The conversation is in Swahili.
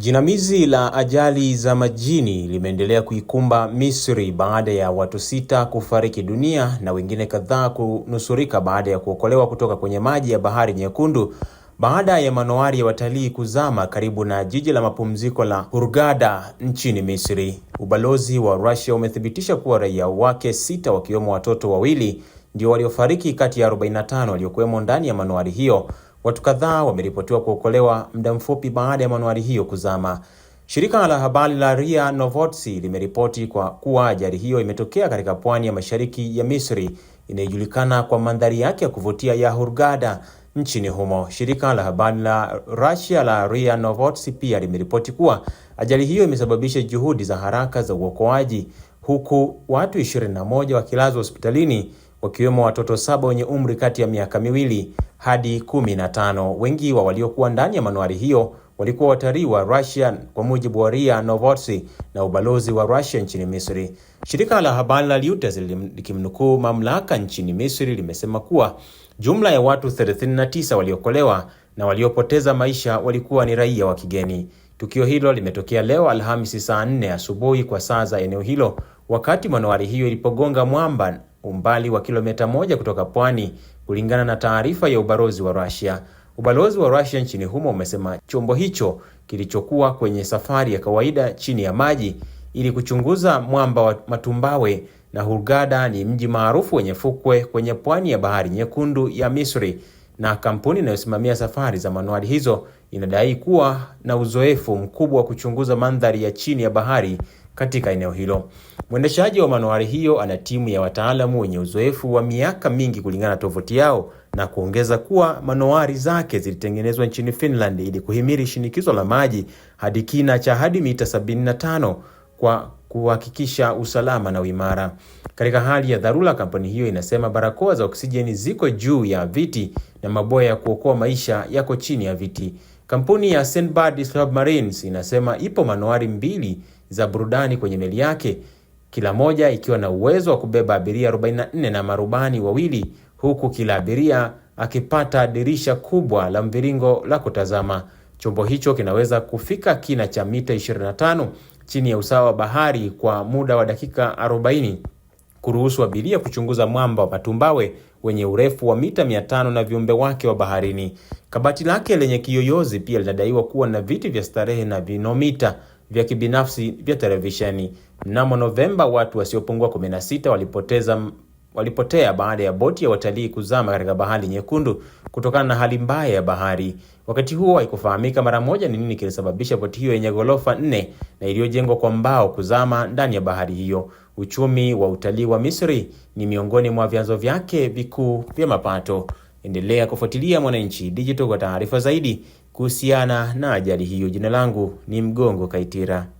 Jinamizi la ajali za majini limeendelea kuikumba Misri baada ya watu sita kufariki dunia na wengine kadhaa kunusurika baada ya kuokolewa kutoka kwenye maji ya Bahari Nyekundu baada ya manowari ya watalii kuzama karibu na jiji la mapumziko la Hurghada nchini Misri. Ubalozi wa Russia umethibitisha kuwa raia wake sita wakiwemo watoto wawili ndio waliofariki kati ya 45 waliokuwemo ndani ya manowari hiyo Watu kadhaa wameripotiwa kuokolewa muda mfupi baada ya manuari hiyo kuzama. Shirika la habari la Ria Novosti limeripoti kwa kuwa ajali hiyo imetokea katika pwani ya mashariki ya Misri inayojulikana kwa mandhari yake ya kuvutia ya Hurghada nchini humo. Shirika la habari la Russia la Ria Novosti pia limeripoti kuwa ajali hiyo imesababisha juhudi za haraka za uokoaji huku watu 21 wakilazwa hospitalini wakiwemo watoto saba wenye umri kati ya miaka miwili hadi kumi na tano. Wengi wa waliokuwa ndani ya manuari hiyo walikuwa watalii wa Russia, kwa mujibu wa Ria Novosti na ubalozi wa Russia nchini Misri. Shirika la habari la Reuters likimnukuu mamlaka nchini Misri limesema kuwa jumla ya watu 39 waliokolewa na waliopoteza maisha walikuwa ni raia wa kigeni. Tukio hilo limetokea leo Alhamisi saa 4 asubuhi kwa saa za eneo hilo, wakati manuari hiyo ilipogonga mwamba umbali wa kilomita moja kutoka pwani, kulingana na taarifa ya ubalozi wa Russia. Ubalozi wa Russia nchini humo umesema chombo hicho kilichokuwa kwenye safari ya kawaida chini ya maji ili kuchunguza mwamba wa Matumbawe na Hurghada ni mji maarufu wenye fukwe kwenye pwani ya Bahari Nyekundu ya Misri, na kampuni inayosimamia safari za manuari hizo inadai kuwa na uzoefu mkubwa wa kuchunguza mandhari ya chini ya bahari katika eneo hilo. Mwendeshaji wa manowari hiyo ana timu ya wataalamu wenye uzoefu wa miaka mingi kulingana na tovuti yao, na kuongeza kuwa manowari zake zilitengenezwa nchini Finland ili kuhimili shinikizo la maji hadi kina cha hadi mita 75 kwa kuhakikisha usalama na uimara. Katika hali ya dharura, kampuni hiyo inasema barakoa za oksijeni ziko juu ya viti na maboya ya kuokoa maisha yako chini ya viti. Kampuni ya Sandbad Submarines inasema ipo manowari mbili za burudani kwenye meli yake, kila moja ikiwa na uwezo wa kubeba abiria 44 na marubani wawili, huku kila abiria akipata dirisha kubwa la mviringo la kutazama. Chombo hicho kinaweza kufika kina cha mita 25 chini ya usawa wa bahari kwa muda wa dakika 40, kuruhusu abiria kuchunguza mwamba wa Matumbawe wenye urefu wa mita 500 na viumbe wake wa baharini. Kabati lake lenye kiyoyozi pia linadaiwa kuwa na viti vya starehe na vinomita vya kibinafsi vya televisheni. Mnamo Novemba, watu wasiopungua 16 walipoteza walipotea baada ya boti ya watalii kuzama katika Bahari Nyekundu kutokana na hali mbaya ya bahari. Wakati huo haikufahamika mara moja ni nini kilisababisha boti hiyo yenye ghorofa nne na iliyojengwa kwa mbao kuzama ndani ya bahari hiyo. Uchumi wa utalii wa Misri ni miongoni mwa vyanzo vyake vikuu vya mapato. Endelea kufuatilia Mwananchi Digital kwa taarifa zaidi kuhusiana na ajali hiyo. Jina langu ni Mgongo Kaitira.